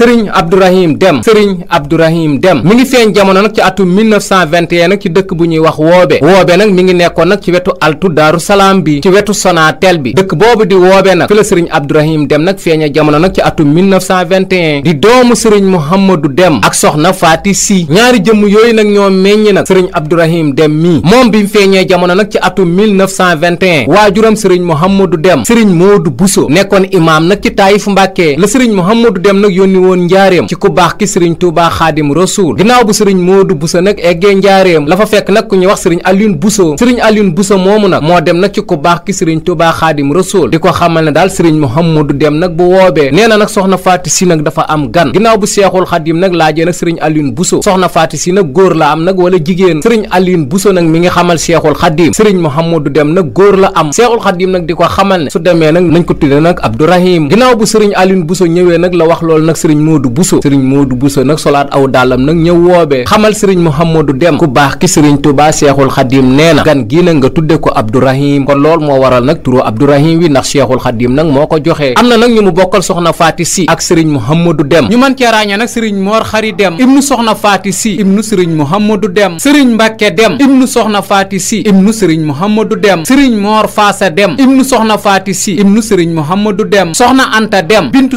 sëriñ Abdourahim Dem sëriñ Abdourahim Dem mu ngi feeñ jamono nag ci atum 1921 nag ci dëkk bu ñuy wax woobe woobe nag mi ngi nekkoon nag ci wetu altu daaru salaam ci wetu Sonatel bi dëkk boobu di woobe nag fi la sëriñ Abdourahim Dem nag feeñee jamono nag ci atum 1921 di doomu sëriñ Mouhamadou Dem ak soxna Faati Si ñaari jëmm yooyu nag ñoo meññi nag sëriñ Abdourahim Dem mii moom bi mu feeñee jamono nag ci atum 1921 waajuram sëriñ Mouhamadou Dem sëriñ du Buso nekkoon imaam nag ci Taayif Mbàkke la sëriñ Mouhamadou Dem nag yónni woon njaareem ci ku baax ki sëriñ Touba xaadim Rasuul ginnaaw bu sëriñ Modou Bousso nag eggee njaareem la fa fekk nag ku ñuy wax sëriñ Alioune Bousso sëriñ Alioune Bousso moomu nag moo dem nag ci ku baax ki sëriñ Touba xaadim Rasuul di ko xamal ne daal sëriñ Mouhamadou dem nag bu woobee nee na nag soxna Faati Si nag dafa am gan ginnaaw bu Seexul Xaadim nag laajee nag sëriñ Alioune Bousso soxna Faati Si nag góor la am nag wala jigéen sëriñ Alioune Bousso nag mi ngi xamal Seexul Xaadim sëriñ Mouhamadou dem nag góor la am Seexul Xaadim nag di ko xamal ne su demee nag nañ ko tudde nag Abdourahim ginnaaw bu sëriñ Alioune Bousso ñëwee nag la wax loolu nag sëriñ sëriñ Modou Bousso sëriñ Modou Bousso nag solaat aw dàllam nag ñëw woobee xamal sëriñ Mouhamadou Dem ku baax ki sëriñ Touba Cheikhul Khadim nee na gan gii nag nga tudde ko Abdourahim kon lool moo waral nag turu Abdourahim wi ndax Cheikhul Khadim nag moo ko joxee am na nag ñu mu bokkal soxna Faati Si ak sëriñ Mouhamadou Dem ñu mën cee ràññee nag sëriñ Mor Xari Dem ibnu soxna Faati Si ibnu sëriñ Mouhamadou Dem sëriñ Mbàkke Dem ibnu soxna Faati Si ibnu sëriñ Mouhamadou Dem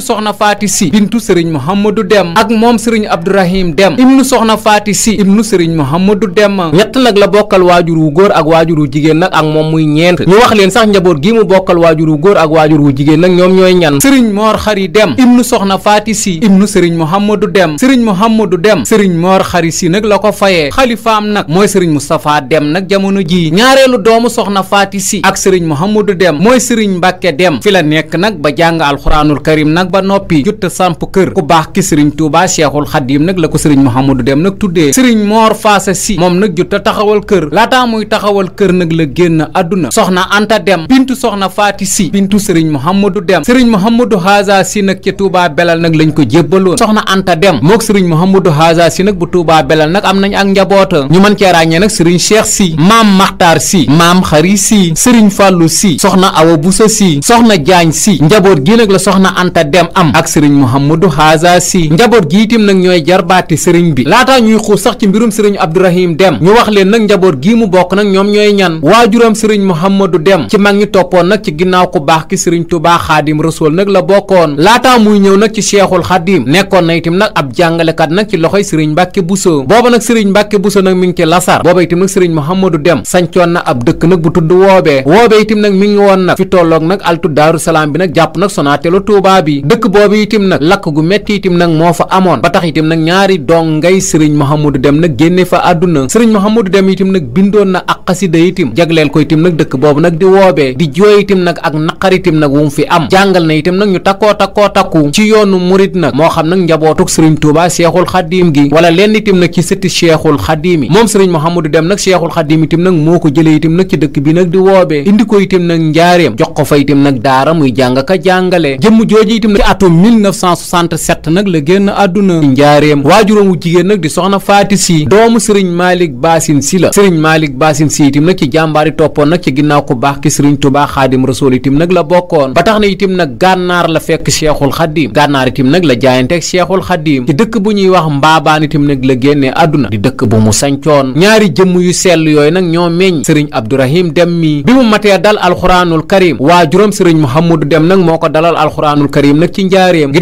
soxna Faati sëriñ Mouhamadou Dem ak moom sëriñ Abdourahim Dem ibnu soxna Faati Si ibnu sëriñ Mouhamadou Dem ñett nag la bokkal waajur wu góor ak waajur wu jigéen nag ak moom muy ñeent ñu wax leen sax njaboot gi mu bokkal waajur wu góor ak waajur wu jigéen nag ñoom ñooy ñan sëriñ Mor Xari Dem ibnu soxna Faati Si ibnu sëriñ Mouhamadou Dem sëriñ Mouhamadou Dem sëriñ Mor Xari Si nag la ko fayee xalifaam nag mooy sëriñ Moustapha Dem nag jamono jii ñaareelu doomu soxna Faati Si ak sëriñ Mouhamadou Dem mooy sëriñ Mbàkke Dem fi la nekk nag ba jàng alxuraanul karim nag ba noppi jutta samp kër ku baax ki sëriñ Touba Cheikhul Khadim nag la ko sëriñ Mouhamadou Dem nag tuddee sëriñ Mor Faasa Si moom nag jutta taxawal kër laataa muy taxawal kër nag la génn àdduna soxna Anta Dem bintu soxna Faati Si bintu sëriñ Mouhamadou Dem sëriñ Mouhamadou Haza Si nag ci Touba Belal nag lañ ko jébbaloon soxna Anta Dem mook sëriñ Mouhamadou Haza Si nag bu Touba Belal nag am nañ ak njaboota ñu mën cee ràññee nag sëriñ Cheikh Si maam Maxtaar Si maam Xari Si sëriñ Fàllu Si soxna Awa Busa Si soxna Jaañ Si njaboot gi nag la soxna Anta Dem am ak sëriñ Mouhamadou xaasa si njaboot gi itam nag ñooy jarbaati sëriñ bi laataa ñuy xuus sax ci mbirum sëriñ Abdourahim Dem ñu wax leen nag njaboot gii mu bokk nag ñoom ñooy ñan waajuram sëriñ Mouhamadou Dem ci mag ñi toppoon nag ci ginnaaw ku baax ki sëriñ Tuubaa Xaadim Rasuul nag la bokkoon laataa muy ñëw nag ci Seexul Xaadim nekkoon na itam nag ab jàngalekat nag ci loxoy sëriñ Mbàkke Buso booba nag sëriñ Mbàkke Buso nag mi ngi ci Lasar booba itam nag sëriñ Mouhamadou Dem sancoon na ab dëkk nag bu tudd mi ngi woon nag fi tolloog bi nag jàpp metti itam nag moo fa amoon ba tax itam nag ñaari dongay sëriñ Mouhamadou Dem nag génne fa àdduna sëriñ Mouhamadou Dem itam nag bindoon na ak xasida itam jagleel ko itam nag dëkk boobu nag di woobee di jooy itam nag ak naqar itam nag wu mu fi am jàngal na itam nag ñu takkoo takkoo takku ci yoonu murit nag moo xam nag njabootuk sëriñ Touba Seexul Xadiim gi wala lenn itam nag ci sëtti Seexul Xadiim yi moom sëriñ Mouhamadou Dem nag Seexul Xadiim itam nag moo ko jëlee itam nag ci dëkk bi nag di woobee indi ko itam nag njaareem jox ko fa itam nag daara muy jàng ka 2007 nag la génn àdduna njaareem waajuram wu jigéen nag di soxna faati si doomu sëriñ maalik baasin si la sëriñ maalik baasin si itim nag ci jàmbaari toppoon nag ci ginnaaw ku baax ki sëriñ tubaa xaadim rasool itim nag la bokkoon ba tax na itim nag gànnaar la fekk seexul xaddim gànnaar itim nag la jaayanteeg seexul xaddim ci dëkk bu ñuy wax mbaabaan itim nag la génnee àdduna di dëkk bu mu sancoon ñaari jëmm yu sell yooyu nag ñoo meññ sëriñ abdourahim dem mi bi mu matee dal alxuraanul karim waajuram sëriñ muhammadu dem nag moo ko dalal alxuraanul karim nag ci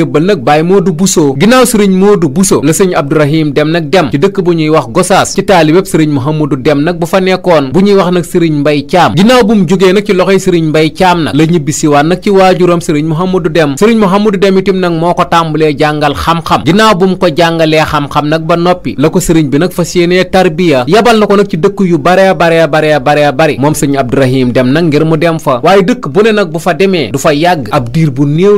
jébbal nag Baye Modou Bousso ginnaaw sëriñ Modou Bousso la sëñ Abdourahim Dem nag dem ci dëkk bu ñuy wax Gosaas ci taalibeb sëriñ Mouhamadou Dem nag bu fa nekkoon bu ñuy wax nag sëriñ Mbay Caam ginnaaw bu mu jógee nag ci loxoy sëriñ Mbay Caam nag la ñibbi nag ci waajuram sëriñ Mouhamadou Dem sëriñ Mouhamadou Dem nag moo ko tàmbalee jàngal xam-xam ginnaaw bu mu ko jàngalee xam-xam nag ba noppi la ko sëriñ bi nag fas yéenee tarbiya yabal na ko nag ci dëkk yu baree baree baree baree bari moom sëñ Abdourahim Dem nag ngir mu dem fa waaye dëkk bu ne nag bu fa demee du fa yàgg ab diir bu néew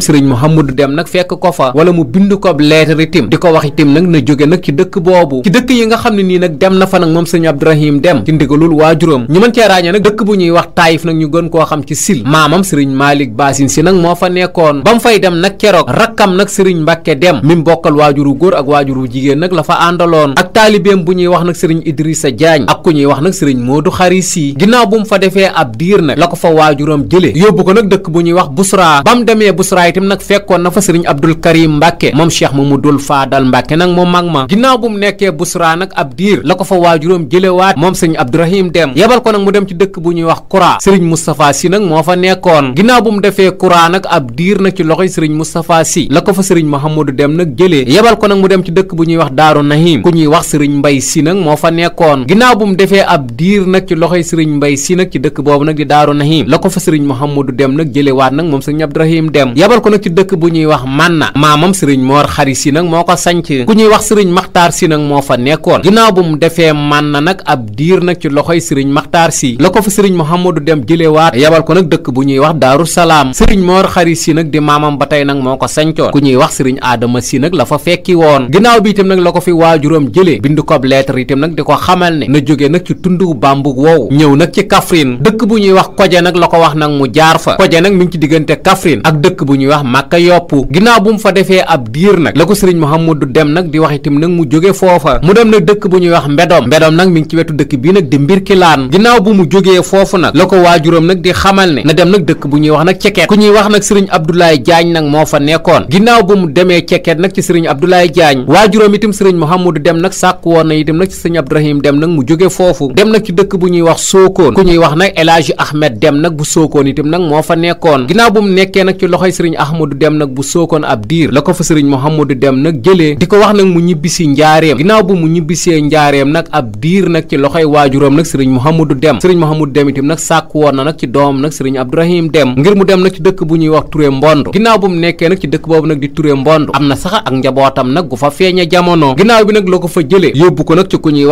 moom sëriñ Mouhamadou Dem nag fekk ko fa wala mu bind ko ab lettre itim di ko wax itim nag na jóge nag ci dëkk boobu ci dëkk yi nga xam ne nii nag dem na fa nag moom sëriñ Abdourahim Dem ci ndigalul waajuram ñu mën cee ràññee nag dëkk bu ñuy wax Taayif nag ñu gën koo xam ci sil maamam sëriñ Malick Basin si nag moo fa nekkoon ba mu fay dem nag keroog rakkam nag sëriñ Mbàkke Dem mi mu bokkal waajuru góor ak waajuru jigéen nag la fa àndaloon ak taalibeem bu ñuy wax nag sëriñ Idrissa Diagne ak ku ñuy wax nag sëriñ mu fa defee ab diir nag la ko fa waajuram jële yóbbu ko nag dëkk bu ñuy wax Busra ba mu demee waaye itam nag fekkoon na fa sëriñ Abdul Karim Mbàkke moom cheikh Mamadul Faadal Mbàkke nag moom mag ma ginnaaw bu mu nekkee Busra nag ab diir la ko fa waajuróom jëlewaat moom sëriñ Abdourahim dem yebal ko nag mu dem ci dëkk bu ñuy wax Kura sëriñ Moustapha nag moo fa nekkoon ginnaaw bu mu defee Kura nag ab diir nag ci loxoy sëriñ Moustapha Sy la ko fa sëriñ Mahamadou dem nag jëlee ko nag mu dem ci dëkk bu ñuy wax Daaru Nahim ku ñuy wax sëriñ Mbay Si nag moo fa nekkoon ginnaaw bu mu defee ab diir nag ci loxoy sëriñ Mbay Si nag ci dëkk boobu nag di Daaru Nahim la ko fa sëriñ Mahamadou dem nag jëlewaat nag moom sëriñ Abdourahim dem yabal ko nag ci dëkk bu ñuy wax Manna maamam sëriñ Moor Xari Si nag moo ko sanc ku ñuy wax sëriñ Maxtaar Si nag moo fa nekkoon ginnaaw bu mu defee Manna nag ab diir nag ci loxoy sëriñ Maxtaar sii la ko fa sëriñ Mouhamadou Dem jëlewaat yabal ko nag dëkk bu ñuy wax Daaru Salaam sëriñ Moor Xari Si nag di maamam ba tey nag moo ko sancoon ku ñuy wax sëriñ Aadama Si nag la fa fekki woon ginnaaw bi itam nag la ko fi waajuram jëlee bind ko ab lettre nag di ko xamal ne na jóge nag ci tundu Bambug woowu ñëw nag ci Kaffrine dëkk bu ñuy wax Koje nag la ko wax nag mu jaar fa Koje nag mi ci diggante Kaffrine ak ñuy wax màkka yopp ginnaaw bu mu fa defee ab diir nag la ko sëriñ Mouhamadou dem nag di wax itam nag mu jóge foofa mu dem nag dëkk bu ñuy wax mbedom mbedom nag mi ngi ci wetu dëkk bu mu jógee foofu nag la ko waajuram nag di xamal ne na dem nag dëkk bu ñuy wax nag ceket ku ñuy wax nag sëriñ Abdoulaye Diagne nag moo fa nekkoon ginnaaw bu mu demee ceket nag ci sëriñ Abdoulaye Diagne waajuram itam sëriñ Mouhamadou dem nag sàkk woon na itam nag ci sëriñ Abdourahim dem nag mu jóge foofu dem nag ci dëkk bu ñuy wax sookoon ku ñuy wax nag El Hadji Ahmed dem nag bu sookoon itam sëriñ Ahmadou Dem nag bu sookoon ab diir la ko fa sëriñ Mouhamadou Dem nag jëlee di ko wax nag mu ñibbisi njaareem ginnaaw bu mu ñibbisee njaareem nag ab diir nag ci loxoy waajuram nag sëriñ Mouhamadou Dem sëriñ Mouhamadou Dem na nag ci doomam nag sëriñ mu dem nag ci dëkk bu ñuy wax Touré Mbond ginnaaw bu mu nekkee nag ci dëkk boobu nag di Touré Mbond na sax ak njabootam nag gu fa feeña jamono ginnaaw bi la ko fa jëlee yóbbu ko nag ci ku ñuy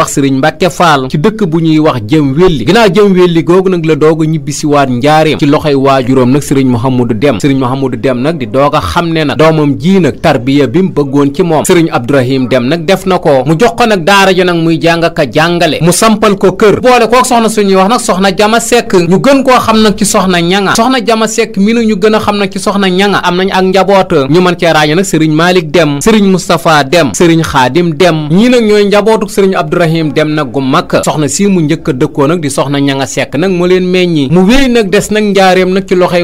bu ñuy wax jëm wélli ginnaaw jëm wélli googu nag la dooga ñibbisiwaat njaareem ci loxoy waajuram nag sëriñ Mouhamadou dem nag di doog a xam ne nag doomam ji nag tarbiya bi mu bëggoon ci moom sëriñ Abdourahim dem nag def na ko mu jox ko nag daara ji nag muy jàng ka jàngale mu sampal ko kër boole kook soxna suñuy wax nag soxna jama sekk ñu gën koo xam nag ci soxna ñanga soxna jama sekk mi nag ñu gën a xam nag ci soxna ñanga am nañ ak njaboot ñu mën cee ràññee nag sëriñ Malick dem sëriñ Moustapha dem sëriñ Xaadim dem ñii nag ñooy njabootuk sëriñ Abdourahim dem nag gu mag soxna si mu njëkk a dëkkoo nag di soxna ñanga sekk nag mu leen meññi mu wéy nag des nag njaareem nag ci loxoy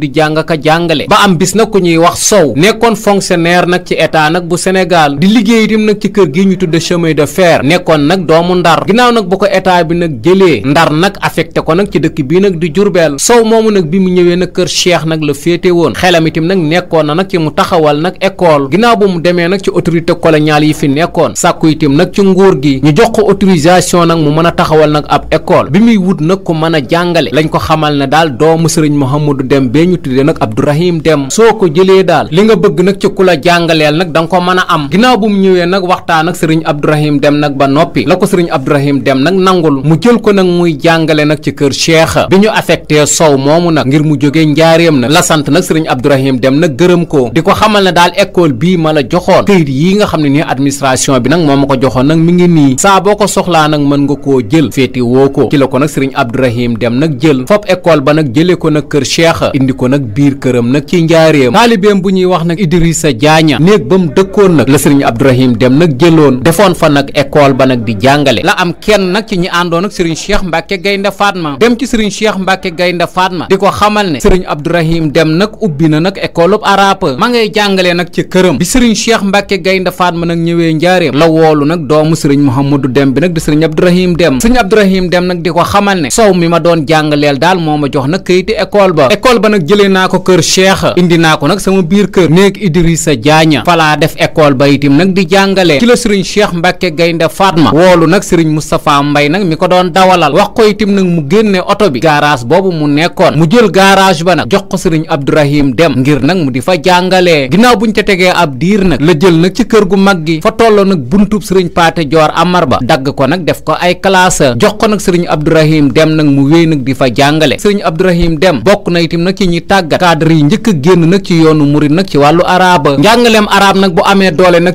di jàng ka jàngale ba am bis na ku ñuy wax sow nekkoon fonctionnaire nag ci état nag bu Sénégal di liggéey itam nag ci kër gi ñu tudd chemin de fer nekkoon nag doomu ndar ginnaaw nag bu ko état bi nag jëlee ndar nag affecté ko nag ci dëkk bii nag di jurbeel sow moomu nag bi mu ñëwee nag kër Cheikh nag la féete woon xelam nag nekkoon na nag ci mu taxawal nag école ginnaaw bu mu demee nag ci autorité coloniale yi fi nekkoon sàkku itam nag ci nguur gi ñu jox ko autorisation nag mu mën a taxawal nag ab école bi muy wut nag ku mën a jàngale lañ ko xamal ne daal doomu sëriñ Mouhamadou Dem bee ñu tuddee nag Abdourahim dem dem soo ko jëlee daal li nga bëgg nag ci ku la jàngaleel nag da nga ko mën a am ginnaaw bu mu ñëwee nag waxtaan ak sëriñ Abdourahim dem nag ba noppi la ko sëriñ Abdourahim dem nag nangul mu jël ko nag muy jàngale nag ci kër cheikha bi ñu affecté sow moomu nag ngir mu jógee njaareem na la sant nag sëriñ Abdourahim dem nag gërëm ko di ko xamal ne daal école bii ma la joxoon këyit yi nga xam ne nii administration bi nag moo ma ko joxoon nag mi ngi nii saa boo ko soxlaa nag mën nga koo jël féeti woo ko ci ko nag sëriñ Abdourahim dem nag jël fop école ba nag jëlee ko nag kër cheikha indi ko nag ci njaareem taalibeem bu ñuy wax nag Idrissa Diagne néeg ba mu dëkkoon nag la sëriñ Abdourahim Dem nag jëloon defoon fa nag école ba nag di jàngale la am kenn nag ci ñi àndoon ak sëriñ Cheikh Mbacke Gaynde Fatma dem ci sëriñ Cheikh Mbacke Gaynde Fatma di ko xamal ne sëriñ Abdourahim Dem nag ubbi na nag école bu arabe ma ngay jàngalee nag ci këram bi sëriñ Cheikh Mbacke Gaynde Fatma nag ñëwee njaareem la woolu nag doomu sëriñ Mouhamadou Dem bi nag di sëriñ Abdourahim Dem sëriñ Abdourahim Dem nag di ko xamal ne sow mi ma doon jàngaleel daal moo ma jox nag këyiti école Diakha indi naa ko nag sama biir kër néeg Idrissa Diagne falaa def école ba itim nag di jàngale ci la sëriñ Cheikh Mbacke Gaynde Fatma woolu nag sëriñ Moustapha Mbay nag mi ko doon dawalal wax ko itim nag mu génne oto bi garage boobu mu nekkoon mu jël garage ba nag jox ko sëriñ Abdourahim Dem ngir nag mu di fa jàngalee ginnaaw buñ ca tegee ab diir nag la jël nag ci kër gu mag gi fa tolloo nag buntub sëriñ Paate Joor Amar ba dagg ko nag def ko ay classe jox ko nag sëriñ Abdourahim Dem nag mu wéy nag di fa jàngale sëriñ Dem njëkk a génn nag ci yoonu murit nag ci wàllu araaba njàngaleem arab nag bu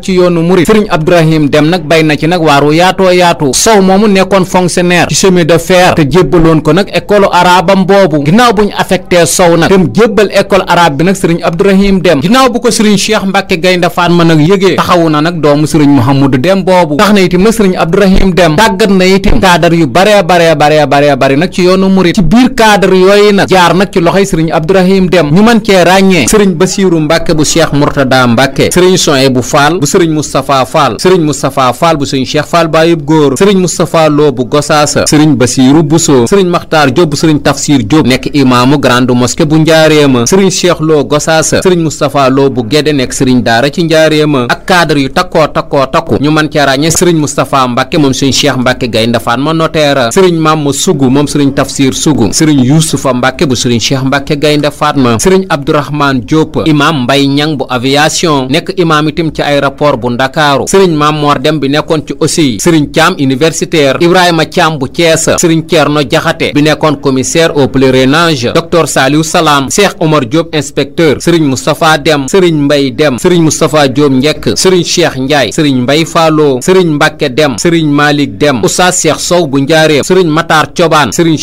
ci yoonu murit sëriñ Abdourahim Dem nag bay na ci nag waaru yaatoo yaatu sow moomu nekkoon fonctionnaire ci chemin de fer te jébbaloon ko nag école arabam boobu ginnaaw buñ affecté sow nag dem jébbal école arabe bi nag sëriñ Abdourahim Dem ginnaaw bu ko sëriñ Cheikh Mbacke Gaynde Fatma nag yëgee taxawu na nag doomu sëriñ Mouhamadou Dem boobu tax na itam nag sëriñ Abdourahim Dem tàggat na itam cadre yu baree baree baree baree bari nag ci yoonu murit ci biir cadre yooyu nag jaar nag ci loxoy sëriñ Abdourahim Dem ñu man cee cee ràññee sëriñ basiiru mbàkke bu cheikh mourtada mbàkke sëriñ soe bu faal bu sëriñ moustapha faal sëriñ moustapha faal bu sëriñ cheikh faal baayub góor sëriñ moustapha loo bu gosaasa sëriñ basiiru buso sëriñ maxtaar jóob bu sëriñ tafsir jóob nekk imaamu grande mosquée bu njaareema sëriñ cheikh loo gosaasa sëriñ moustapha loo bu gédé nekk sëriñ daara ci njaareema ak cadre yu takkoo takkoo takku ñu mën cee ràññee sëriñ moustapha mbàkke moom sëriñ cheikh mbàkke gay ndafaan ma noteera sëriñ maam sugu moom sëriñ tafsir sugu sëriñ yuusufa mbàkke bu sëriñ cheikh mbàkke gaynde faatma sëriñ ab Abdourahmane Diop imam Mbay Ñang bu aviation nekk imam itam ci aéroport bu Ndakaaru sëriñ Maam Mor Dem bi nekkoon ci aussi sëriñ Thiam universitaire Ibrahima Thiam bu Thiès sëriñ Thierno Jaxate bi nekkoon commissaire au pèlerinage docteur Saliou Salam Cheikh Omar Diop inspecteur sëriñ Moustapha Dem sëriñ Mbay Dem sëriñ Moustapha Diop Njekk sëriñ Cheikh Ndiaye sëriñ Mbay Falloo sëriñ Mbacke Dem sëriñ Malick Dem Oustaz Cheikh Sow bu Njaareem sëriñ Matar Cobaan sëriñ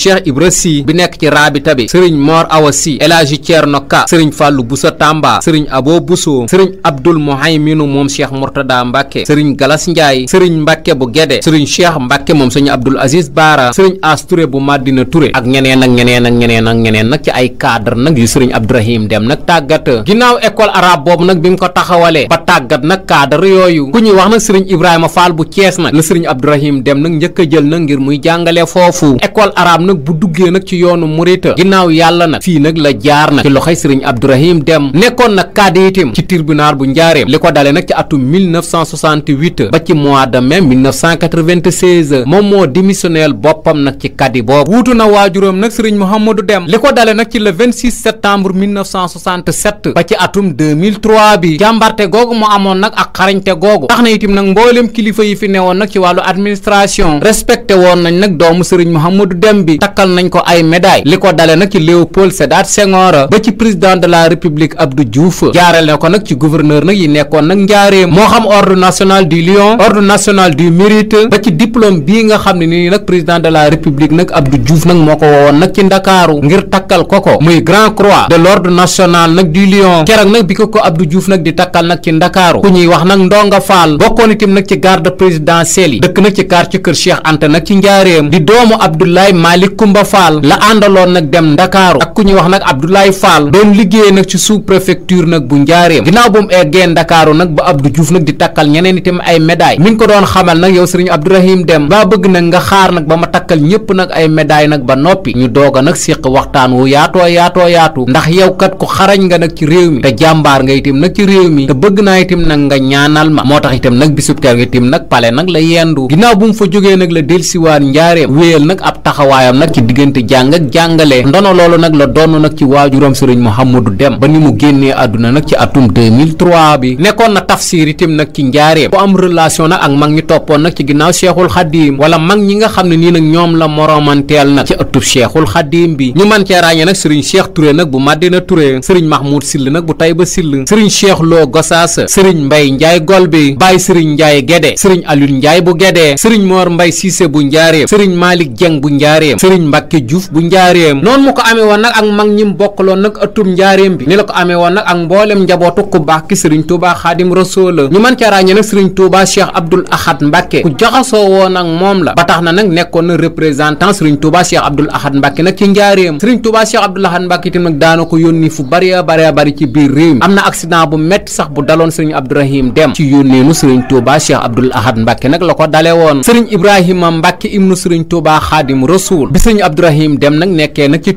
sëriñ fàllu busa tàmba sëriñ abo buso sëriñ abdul muhayminu moom cheikh mourtada mbàkke sëriñ galas njaay sëriñ mbàkke bu gede sëriñ cheikh mbàkke moom sëriñ abdul aziz baara sëriñ as ture bu madina ture ak ñeneen ak ñeneen ak ñeneen ak ñeneen nag ci ay cadre nag yu sëriñ abdourahim dem nag tàggat ginnaaw école arabe boobu nag bi mu ko taxawalee ba tàggat nag kaadar yooyu ku ñuy wax nag sëriñ ibrahima faal bu cees nag la sëriñ abdourahim dem nag njëkk a jël nag ngir muy jàngalee foofu école arabe nag bu nag ci yoonu murita ginnaaw Serigne Abdourahim Dem nekkoon nag kaadi itim ci tribunal bu njaareem li ko dale nag ci atum ba ci mois de mai moo démissionnel boppam nag ci kadi boobu wuutu na waajuram nag Serigne Mouhamadou Dem li ko dale nag ci le 26 ba ci atum bi jàmbarte googu mu amoon nag ak xarañte googu tax na itim nag mboolem kilifa yi fi newoon nag ci wàllu administration respecté woon nañ nag doomu Serigne Mouhamadou Dem bi takkal nañ ko ay médaille li ko dale nag ci président de la république Abdou Diouf jaareel na ko nag ci gouverneur nag yi nekkoon nag njaareem moo xam ordre national du lion ordre national du mérite ba ci diplôme bii nga xam ne nii nag président de la république nag Abdou Diouf nag moo ko woowoon nag ci ndakaaru ngir takkal ko ko muy grand croix de l'ordre national nag du lion keroog nag bi ko ko Abdou Diouf nag di takkal nag ci ndakaaru ku ñuy wax nag ndonga faal bokkoon itam nag ci garde présidentielle yi dëkk nag ci quartier kër Cheikh Anta nag ci njaareem di doomu Abdoulaye Malick Kumba Faal la liggéeyee nag ci sous nag bu njaareem ginnaaw bu mu eggee ndakaaru nag ba Abdou Diouf nag di takkal ñeneen itam ay médaille mi ngi ko doon xamal nag yow sëriñ Abdourahim Dem baa bëgg nag nga xaar nag ba ma takkal ñëpp nag ay médaille nag ba noppi ñu doog a nag séq waxtaan wu yaatoo yaatoo yaatu ndax yow kat ko xarañ nga nag ci réew mi te jàmbaar nga itam nag ci réew mi te bëgg naa itam nag nga ñaanal ma moo tax itam nag bisub keroog itam nag pale nag la yendu ginnaaw bu mu fa jógee nag la delsiwaat njaareem wéyal nag ab taxawaayam nag ci diggante jàng ak jàngale ndono loolu nag la doon nag Mamadou Dem ba ni mu génnee àdduna nag ci atum bi nekkoon na tafsir itam nag ci njaareem ku am relation nag ak mag ñi toppoon nag ci ginnaaw Cheikhul Khadim wala mag ñi nga xam ne nii nag ñoom la moromanteel nag ci ëttub Cheikhul Khadim bi ñu mën cee ràññee nag sëriñ Cheikh Touré nag bu Madina Touré sëriñ Mahmoud Sill nag bu Taïba Sill sëriñ Cheikh Lo Gossas sëriñ Mbaye Ndiaye Golbe Baye sëriñ Ndiaye Guédé sëriñ Alioune Ndiaye bu Guédé sëriñ Mor Mbaye Cissé bu Njaareem sëriñ Malick Dieng bu Njaareem sëriñ Mbacke Diouf bu Njaareem noonu mu ko amee woon nag ak mag ñi bokkaloon njaareem bi ni la ko amee woon nag ak mboolem njabootu ku baax ki sëriñ Touba Xaadim Rasuul la ñu mën ca ràññee nag sëriñ Touba Cheikh Abdoul Ahad Mbacke ku jaxasoo woon ak moom la ba tax na nag nekkoon nag sëriñ Touba Cheikh Abdoul Ahad Mbacke nag daana ko yónni fu bari bari bari ci biir réew mi am na accident bu metti sax bu daloon sëriñ Abdourahim Dem ci yónneenu sëriñ Touba Cheikh Abdoul Ahad Mbacke nag la ko dale woon sëriñ Ibrahima Mbacke ibnu sëriñ Touba Xaadim Rasuul bi sëriñ Abdourahim Dem nag nekkee nag ci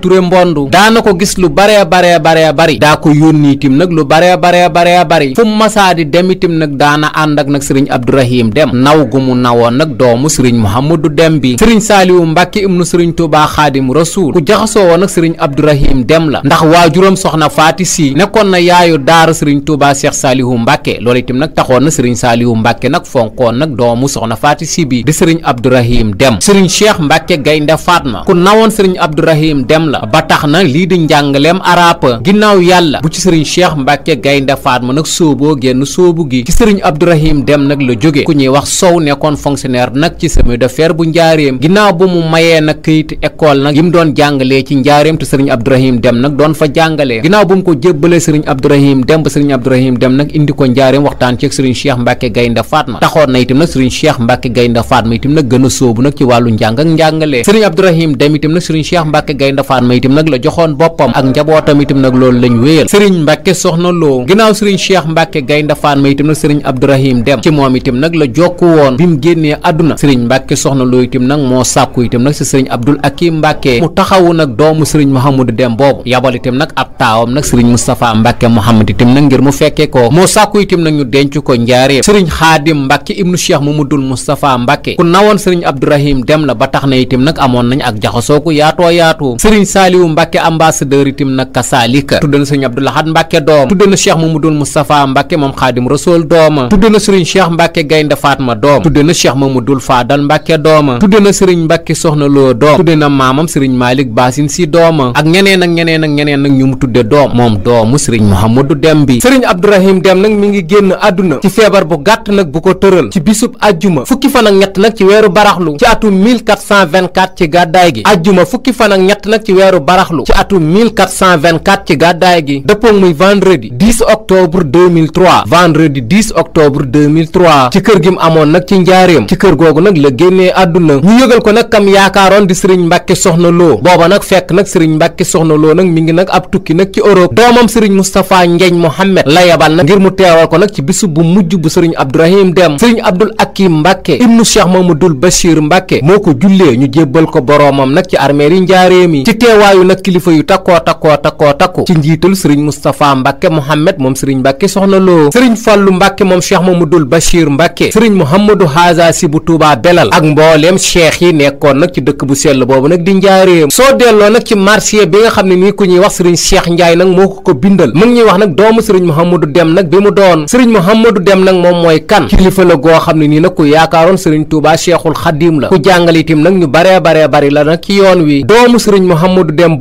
bare bari daa ko yónni itam nag lu bare bare bare bari fu masaa di dem itam nag daana ànd ak nag sëriñ Abdourahim Dem naw gu mu nawoon nag doomu sëriñ Mouhamadou Dem bi sëriñ Saaliwu Mbàkke ibnu sëriñ Tuubaa Xaadim Rasuul ku jaxasoo woon nag sëriñ Abdourahim Dem la ndax waajuram soxna Faati Si nekkoon na yaayu daara sëriñ Tuubaa Seex Saaliwu Mbàkke loolu itam nag taxoon na sëriñ Saaliwu Mbàkke nag fonkoon nag doomu soxna Faati Si bi di sëriñ Abdourahim Dem sëriñ Cheikh Mbàkke Gaynde Fatma ku nawoon sëriñ Abdourahim Dem la ba tax na lii di njàngaleem ba ginnaaw yàlla bu ci sëriñ cheikh mbàkke gaynde faatma nag sóoboo génn sóobu gi ci sëriñ abdourahim dem nag la jóge ku ñuy wax sow nekkoon fonctionnaire nag ci chemin de fer bu njaareem ginnaaw bu mu mayee nag këyit école nag yi mu doon jàngalee ci njaareem te sëriñ abdourahim dem nag doon fa jàngale ginnaaw bu mu ko jébbalee sëriñ abdourahim dem ba sëriñ abdourahim dem nag indi ko njaareem waxtaan ci ak sëriñ cheikh mbàkke gaynde faatma taxoon na itam nag sëriñ cheikh mbàkke gaynde faatma itam nag gën a sóobu nag ci wàllu njàng ak njàngalee sëriñ abdourahim dem itam nag nag loolu lañ wéyal sëriñ mbàkke soxna loo ginnaaw sëriñ cheikh mbàkke gaynde fatma itam nag sëriñ abdourahim dem ci moom itam nag la jokku woon bi mu génnee àdduna sëriñ mbàkke soxna loo itam nag moo sàkku itam nag si sëriñ abdul akim mbàkke mu taxawu nag doomu sëriñ mouhamadou dem boobu yabal itam nag ab taawam nag sëriñ moustapha mbàkke mouhamad itam nag ngir mu fekkee ko moo sàkku itam nag ñu denc ko njaaree sëriñ xaadim mbàkke ibnu cheikh mamadul moustapha mbàkke ku nawoon sëriñ abdourahim dem la ba tax na itam nag amoon nañ ak jaxasoo zalika tudd na sëriñ Abdou Lahad Mbàkke doom tudd na cheikh Mamadou Moustapha Mbàkke moom xaadim rasool dooma tudd na sëriñ cheikh Mbàkke gaynde Fatma doom tudd na cheikh Mamadou Fadal Mbàkke dooma tudd na sëriñ Mbàkke soxna loo doom tudd na maamam sëriñ Malick Basin si dooma ak ñeneen ak ñeneen ak ñeneen ak ñu mu tudde doom moom doomu sëriñ Mouhamadou Dem bi sëriñ Abdourahim Dem nag mi ngi génn àdduna ci feebar bu gàtt nag bu ko tëral ci bisub ajjuma nag ci gàddaay gi dëppoog muy vendredi 10 octobre 2003 vendredi 10 octobre 2003 ci kër gi mu amoon nag ci njaareem ci kër googu nag la génnee àdduna ñu yëgal ko nag kam yaakaaroon di sëriñ mbàkke soxna loo booba nag fekk nag sëriñ mbàkke soxna loo nag mi ngi nag ab tukki nag ci Europe doomam sëriñ Moustapha Ngeeñ Mohammed la yebal nag ngir mu teewal ko nag ci bisu bu mujj bu sëriñ Abdourahim Dem sëriñ Abdul Akim Mbàkke ibnu Cheikh Mamadul Bachir Mbàkke moo ko jullee ñu jébbal ko boroomam nag ci ci teewaayu nag kilifa yu takkoo takkoo takkoo ko ci njiitul sëriñ Moustapha Mbacke Mohamed moom sëriñ Mbacke soxna loo sëriñ Fàllu Mbacke moom Cheikh Mamadul Bachir Mbacke sëriñ Mouhamadou Haza si bu Touba Belal ak mbooleem cheikh yi nekkoon nag ci dëkk bu sell boobu nag di njaareem soo delloo nag ci marché bi nga xam ne nii ku ñuy wax sëriñ Cheikh Ndiaye nag moo ko ko bindal mu ngi ñuy wax nag doomu sëriñ Mouhamadou Dem nag bi mu doon sëriñ Mouhamadou Dem nag moom mooy kan kilifa la goo xam ne nii nag ku yaakaaroon sëriñ Touba Cheikhul Xadim la ku jàngal itam nag ñu baree baree bari la nag ci yoon wi doomu sëriñ Mouhamadou Dem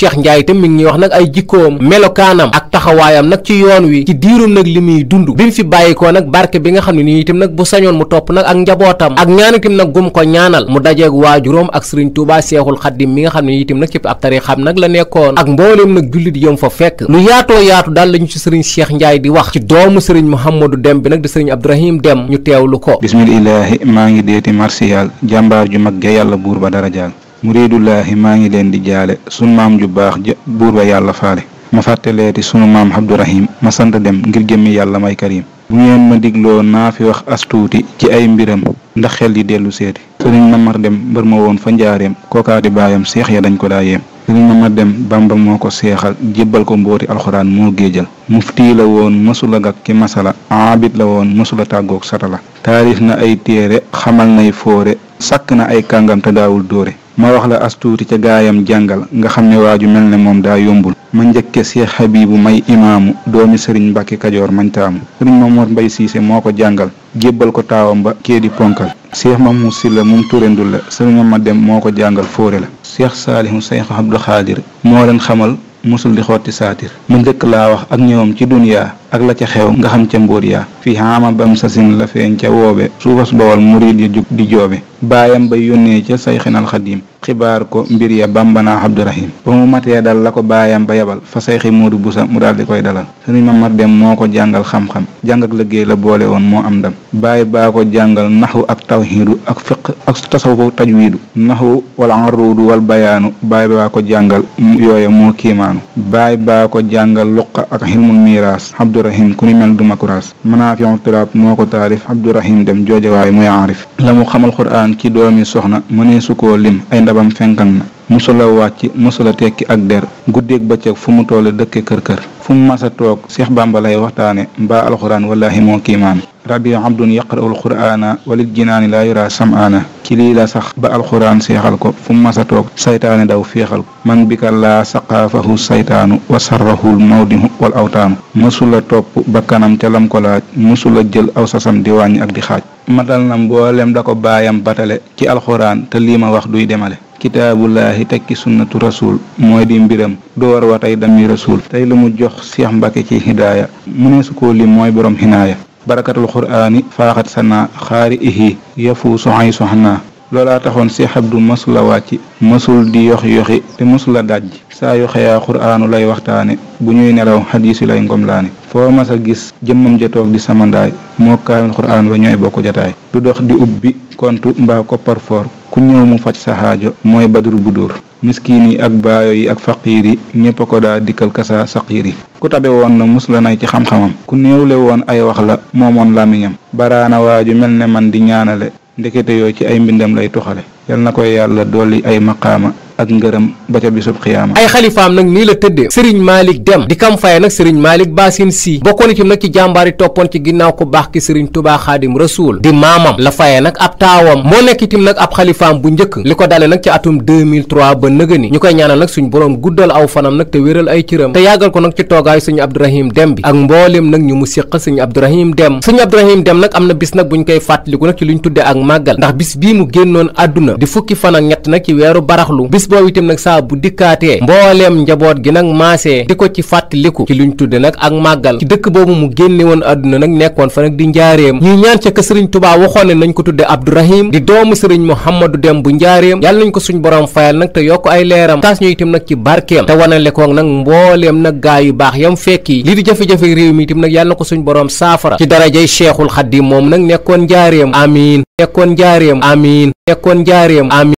Cheikh Ndiaye tam mi ngi wax nag ay jikkoom melokaanam ak taxawaayam nag ci yoon wi ci diirum nag li muy dund bi mu fi bàyyikoo nag barke bi nga xam ne nii itam nag bu sañoon mu topp nag ak njabootam ak ñaan itam nag gum ko ñaanal mu dajeeg waajuróom ak Serigne Touba Seexul Xaddim mi nga xam ne itam nag ci ab tarixam nag la nekkoon ak mbooleem nag jullit yëm fa fekk lu yaatoo yaatu daal lañu ci Serigne Cheikh Ndiaye di wax ci doomu Serigne Mouhamadou Dem bi nag di Serigne Abdourahim Dem ñu teewlu ko bismillahi maa ngi deeti marsiyal jàmbaar ju mag ja yàlla buur ba darajaal muridullaahi maa ngi leen di jaale sunu maam ju baax ja buur ba yàlla faale ma fàtte leeti sunu maam abdurahim ma sant dem ngir jëmmi yàlla may karim bu ngeen ma digloo naa fi wax astuuti ci ay mbiram ndax xel di dellu seeti sëriñ dem mbër ma woon fa njaareem kookaati baayam seex ya dañ ko daa yeem sëriñ namar dem bamba moo ko seexal jébbal ko mbooti alxuraan moo géejal mufti la woon mësula gak ci masala aabit la woon mësula tàggoog satala taarif na ay téere xamal nay foore sàkk na ay kàngam daawul dóore ma wax la astuuti ca gaayam jàngal nga xam ne waaju mel ne moom daa yombul ma njëkke seex xabibu may imaamu doomi sëriñ mbàkke kajoor mañ taamu sëriñ mamoor mbay siise moo ko jàngal jébbal ko taawam ba kee di ponkal seex ma si la mum turendul la sëriñ ma dem moo ko jàngal fóore la seex saalihu seex abdu xaadir moo leen xamal mosul di xotti saatir ma njëkk laa wax ak ñoom ci duniyaa ak la ca xew nga xam ca mbóor yaa fi xaama bam sasin la feeñ ca woobe suufas bawal murid ya jug di joobe baayam ba yónnee ca sayxinal xadim xibaar ko mbir ya bambanaa abdourahim ba mu matee dal la ko baayam ba yabal fa sayxi moodu busa mu daal koy dalal ma mamar dem moo ko jàngal xam-xam jàng ak liggéey la boole woon moo am ndam baay baa ko jàngal naxu ak tawxiidu ak fiq ak tasawuf tajwiidu naxu wal aruudu wal bayaanu baay baa ko jàngal yooya moo kiimaanu baay baa ko jàngal abdourahim ku ni mel du makuraas manaafiu turaab moo ko taarif abdourahim dem joojewaay muy aarif la mu xamal quraan ci doomi soxna mënee su lim ay ndabam fenkan mosula wàcc mosula tekki ak der ba bëccëg fu mu toole dëkke kër-kër fu mu mas toog Seex Bàmba lay waxtaane mbaa alxuraan wallahi moo kiimaan rabi abdun yaqra'ul qur'aana walil jinaani laa yura sam'aana ci lii la sax ba alxuraan seexal ko fu mu mas a toog seytaane daw féexal ko man bi ka laa saqaafahu saytaanu wa sarrahul mawdihu wal awtaanu mosula topp ba kanam ca lam ko laaj jël aw sasam di wàññi ak di xaaj matal na mboolem da ko baayam batale ci alxuraan te lii ma wax duy demale kitaabullaahi tekki sunnatu rasul mooy di mbiram door wa tey dami rasul tey lu mu jox Cheikh Mbacke ci hidaaya mu ne su ko lim mooy borom hinaaya barakatul quraani faaxat sana xaari ihi yafu soxay soxnaa loolaa taxoon Cheikh Abdou masula wàcc masul di yox yoxi te masula dajj saa yu xeyaa quraanu lay waxtaane bu ñuy nelaw xadiis yi lay ngomlaane foo mas a gis jëmmam ja toog di samandaay moo kaamil quraan ba ñooy bokk jataay du dox di ubbi kontu mbaa ku ñëw mu faj sa xaajo mooy badru budur miskiin yi ak baayo yi ak faqiir yi ñépp a ko daa dikkal kasa saqiir yi ku tabe woon na mus la nay ci xam-xamam ku ñëwle woon ay wax la moomoon làmmiñam baraana waaju mel ne man di ñaanale ndekete yoo ci ay mbindam lay toxale yal na koy yàlla dolli ay maqaama ak ngërëm ba ca bisub xiyaama ay xalifaam nag nii la tëddee sëriñ Malick Dem di kam faye nag sëriñ Malick Basin Si bokkoon itam nag ci jàmbaar yi toppoon ci ginnaaw ku baax ki sëriñ Tubaa Xaadim Rasuul di maamam la faye nag ab taawam moo nekk itam nag ab xalifaam bu njëkk li ko dalee nag ci atum 2003 ba nëgëni ñu koy ñaanal nag suñ boroom guddal aw fanam nag te wéral ay cëram te yàggal ko nag ci toogaayu suñu Abdourahim Dem bi ak mboolem nag ñu mu boobu itam nag saa bu dikkaatee mbooleem njaboot gi nag maasee di ko ci fàttaliku ci ñu tudde nag ak màggal ci dëkk boobu mu génne woon àdduna nag nekkoon fa nag di njaareem ñuy ñaan ca ka sëriñ tubaa waxoon ne nañ ko tudde abdourahim di doomu sëriñ mouhamadou dem bu njaareem yàlla nañ ko suñ borom fayal nag te yokk ay leeram taas ñu itam nag ci barkeem te wanale ko nag mbooleem nag gaa yu baax yam fekki lii di jafe-jafe réew mi itam nag yàlla ko suñ borom saafara ci darajay cheikhul xaddim moom nag nekkoon njaareem amiin nekkoon njaareem amiin nekkoon njaareem amiin